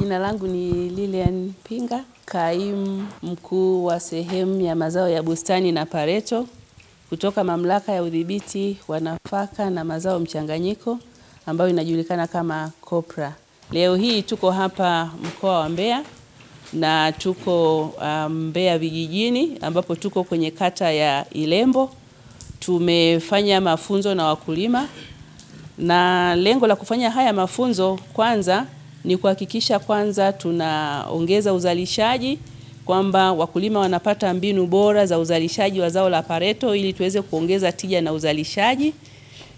Jina langu ni Lilian Pinga, kaimu mkuu wa sehemu ya mazao ya bustani na pareto kutoka mamlaka ya udhibiti wa nafaka na mazao mchanganyiko ambayo inajulikana kama COPRA. Leo hii tuko hapa mkoa wa Mbeya na tuko uh, Mbeya um, vijijini ambapo tuko kwenye kata ya Ilembo. Tumefanya mafunzo na wakulima na lengo la kufanya haya mafunzo kwanza ni kuhakikisha kwanza tunaongeza uzalishaji kwamba wakulima wanapata mbinu bora za uzalishaji wa zao la pareto ili tuweze kuongeza tija na uzalishaji.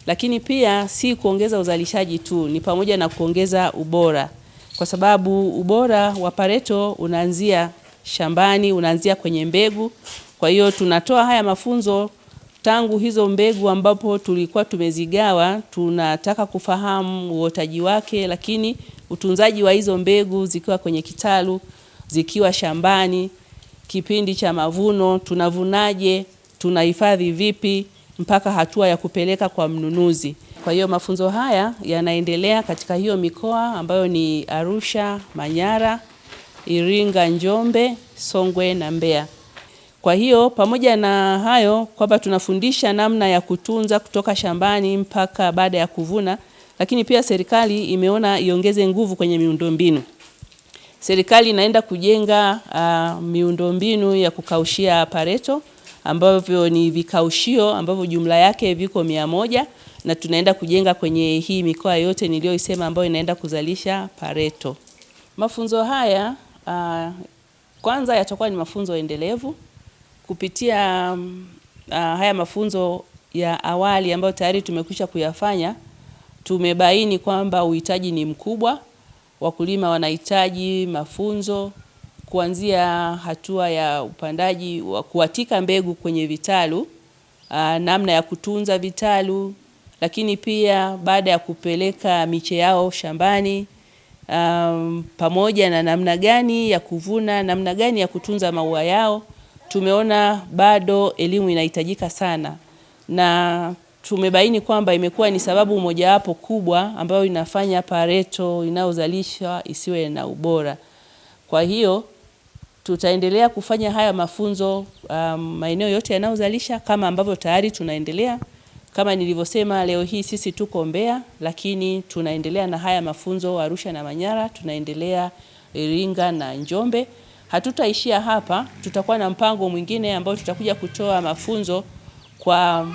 Lakini pia si kuongeza uzalishaji tu, ni pamoja na kuongeza ubora, kwa sababu ubora wa pareto unaanzia shambani, unaanzia kwenye mbegu. Kwa hiyo tunatoa haya mafunzo tangu hizo mbegu ambapo tulikuwa tumezigawa, tunataka kufahamu uotaji wake, lakini utunzaji wa hizo mbegu zikiwa kwenye kitalu, zikiwa shambani, kipindi cha mavuno tunavunaje, tunahifadhi vipi mpaka hatua ya kupeleka kwa mnunuzi. Kwa hiyo mafunzo haya yanaendelea katika hiyo mikoa ambayo ni Arusha, Manyara, Iringa, Njombe, Songwe na Mbeya. Kwa hiyo pamoja na hayo kwamba tunafundisha namna ya kutunza kutoka shambani mpaka baada ya kuvuna. Lakini pia serikali imeona iongeze nguvu kwenye miundombinu. Serikali inaenda kujenga uh, miundombinu ya kukaushia pareto ambavyo ni vikaushio ambavyo jumla yake viko mia moja na tunaenda kujenga kwenye hii mikoa yote niliyoisema ambayo inaenda kuzalisha pareto. Mafunzo haya uh, kwanza yatakuwa ni mafunzo endelevu kupitia uh, haya mafunzo ya awali ambayo tayari tumekwisha kuyafanya tumebaini kwamba uhitaji ni mkubwa. Wakulima wanahitaji mafunzo kuanzia hatua ya upandaji wa kuatika mbegu kwenye vitalu, aa, namna ya kutunza vitalu, lakini pia baada ya kupeleka miche yao shambani, um, pamoja na namna gani ya kuvuna, namna gani ya kutunza maua yao. Tumeona bado elimu inahitajika sana na tumebaini kwamba imekuwa ni sababu mojawapo kubwa ambayo inafanya pareto inayozalishwa isiwe na ubora. Kwa hiyo tutaendelea kufanya haya mafunzo um, maeneo yote yanayozalisha kama ambavyo tayari tunaendelea. Kama nilivyosema, leo hii sisi tuko Mbeya, lakini tunaendelea na haya mafunzo Arusha na Manyara, tunaendelea Iringa na Njombe. Hatutaishia hapa, tutakuwa na mpango mwingine ambao tutakuja kutoa mafunzo kwa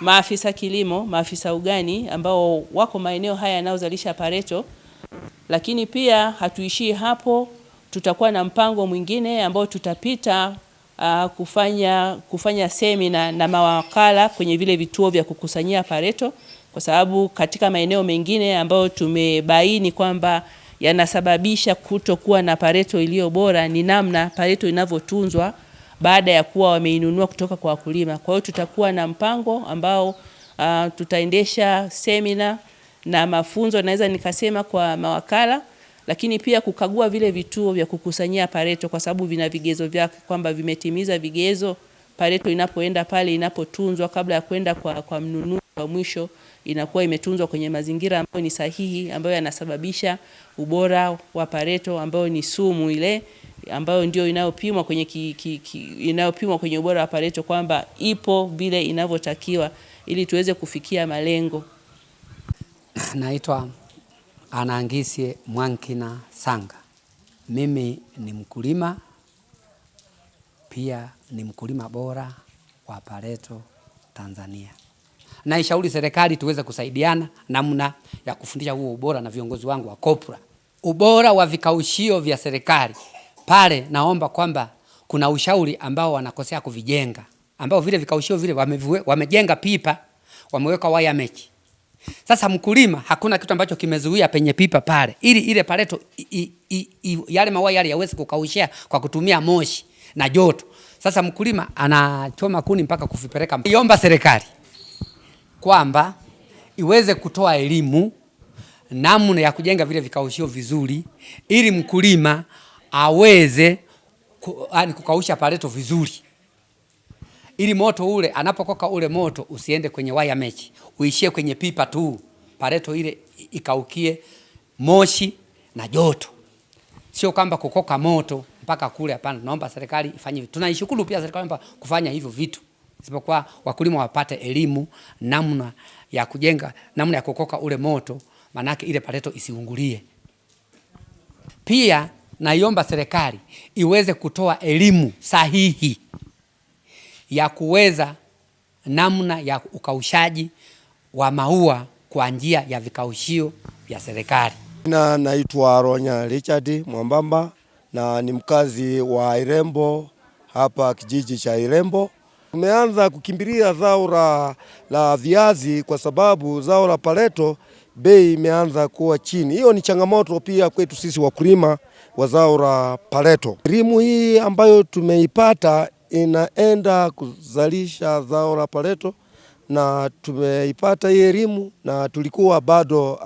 maafisa kilimo, maafisa ugani ambao wako maeneo haya yanayozalisha pareto. Lakini pia hatuishii hapo, tutakuwa na mpango mwingine ambao tutapita uh, kufanya, kufanya semina na mawakala kwenye vile vituo vya kukusanyia pareto, kwa sababu katika maeneo mengine ambayo tumebaini kwamba yanasababisha kutokuwa na pareto iliyo bora ni namna pareto inavyotunzwa baada ya kuwa wameinunua kutoka kwa wakulima. Kwa hiyo tutakuwa na mpango ambao uh, tutaendesha semina na mafunzo, naweza nikasema kwa mawakala, lakini pia kukagua vile vituo vya kukusanyia pareto, kwa sababu vina vigezo vyake kwamba vimetimiza vigezo pareto inapoenda pale, inapotunzwa kabla ya kwenda kwa, kwa mnunuzi wa mwisho inakuwa imetunzwa kwenye mazingira ambayo ni sahihi, ambayo yanasababisha ubora wa pareto, ambayo ni sumu ile ambayo ndio inayopimwa kwenye ki, ki, ki, inayopimwa kwenye ubora wa pareto kwamba ipo vile inavyotakiwa ili tuweze kufikia malengo. Naitwa anangisie Mwankina Sanga. Mimi ni mkulima pia ni mkulima bora wa pareto Tanzania. Naishauri serikali tuweze kusaidiana namna ya kufundisha huo ubora na viongozi wangu wa kopra, ubora wa vikaushio vya serikali pale, naomba kwamba kuna ushauri ambao wanakosea kuvijenga, ambao vile vikaushio vile wameviwe, wamejenga pipa, wameweka waya mechi. Sasa mkulima, hakuna kitu ambacho kimezuia penye pipa pale, ili ile pareto i, i, i, yale mawaya yale yaweze kukaushia kwa kutumia moshi na joto. Sasa mkulima anachoma kuni mpaka kuvipeleka. Iomba serikali kwamba iweze kutoa elimu namna ya kujenga vile vikaushio vizuri, ili mkulima aweze ku, yani kukausha paleto vizuri, ili moto ule anapokoka ule moto usiende kwenye waya mechi, uishie kwenye pipa tu, paleto ile ikaukie moshi na joto, sio kwamba kukoka moto mpaka kule. Hapana, naomba serikali ifanye hivyo. Tunaishukuru pia serikali kwamba kufanya hivyo vitu, isipokuwa wakulima wapate elimu namna ya kujenga, namna ya kukoka ule moto, manake ile paleto isiungulie pia naiomba serikali iweze kutoa elimu sahihi ya kuweza namna ya ukaushaji wa maua kwa njia ya vikaushio vya serikali. Na naitwa Ronya Richard Mwambamba na ni mkazi wa Irembo hapa kijiji cha Irembo. Tumeanza kukimbilia zao la viazi kwa sababu zao la pareto bei imeanza kuwa chini. Hiyo ni changamoto pia kwetu sisi wakulima wa zao la pareto. Elimu hii ambayo tumeipata inaenda kuzalisha zao la pareto, na tumeipata hii elimu na tulikuwa bado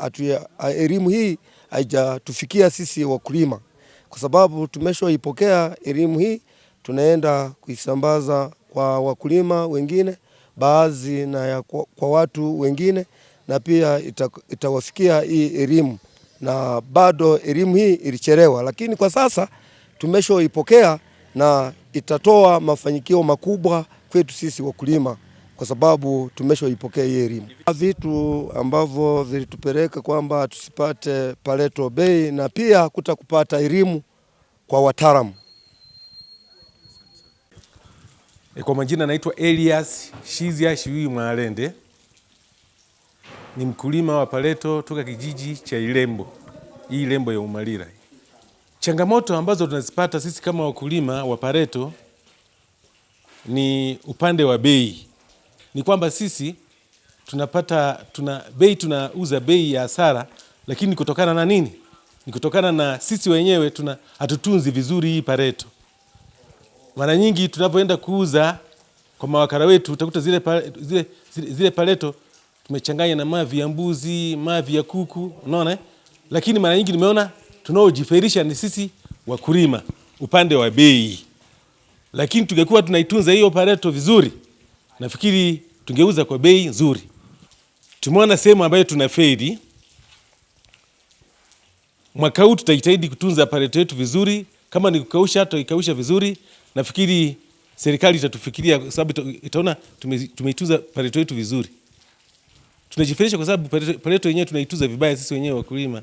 elimu hii haijatufikia sisi wakulima, kwa sababu tumeshaipokea elimu hii, tunaenda kuisambaza kwa wakulima wengine baadhi na ya kwa, kwa watu wengine na pia ita, itawafikia hii elimu, na bado elimu hii ilichelewa, lakini kwa sasa tumeshoipokea na itatoa mafanikio makubwa kwetu sisi wakulima, kwa sababu tumeshoipokea hii elimu. Vitu ambavyo vilitupeleka kwamba tusipate pareto bei na pia kuta kupata elimu kwa wataalamu. E, kwa majina naitwa Elias Shizia Shiwi Mwalende ni mkulima wa paleto toka kijiji cha Ilembo, hii Ilembo ya Umalira. Changamoto ambazo tunazipata sisi kama wakulima wa paleto ni upande wa bei, ni kwamba sisi tunapata tuna bei tunauza bei ya hasara, lakini kutokana na nini? Ni kutokana na sisi wenyewe tuna hatutunzi vizuri hii pareto. Mara nyingi tunapoenda kuuza kwa mawakala wetu utakuta zile, zile, zile pareto tumechanganya na mavi ya mbuzi, mavi ya kuku, unaona. Eh? Lakini mara nyingi nimeona tunaojifaidisha ni sisi wakulima upande wa bei, lakini tungekuwa tunaitunza hiyo pareto vizuri, nafikiri tungeuza kwa bei nzuri. Tumeona sehemu ambayo tuna fedi mwaka huu tutajitahidi kutunza pareto yetu vizuri. Kama ni kukausha, tutaikausha vizuri. Nafikiri serikali itatufikiria kwa sababu itaona tumeitunza pareto yetu vizuri tunajifurahisha kwa sababu pareto yenyewe tunaituza vibaya sisi wenyewe wakulima.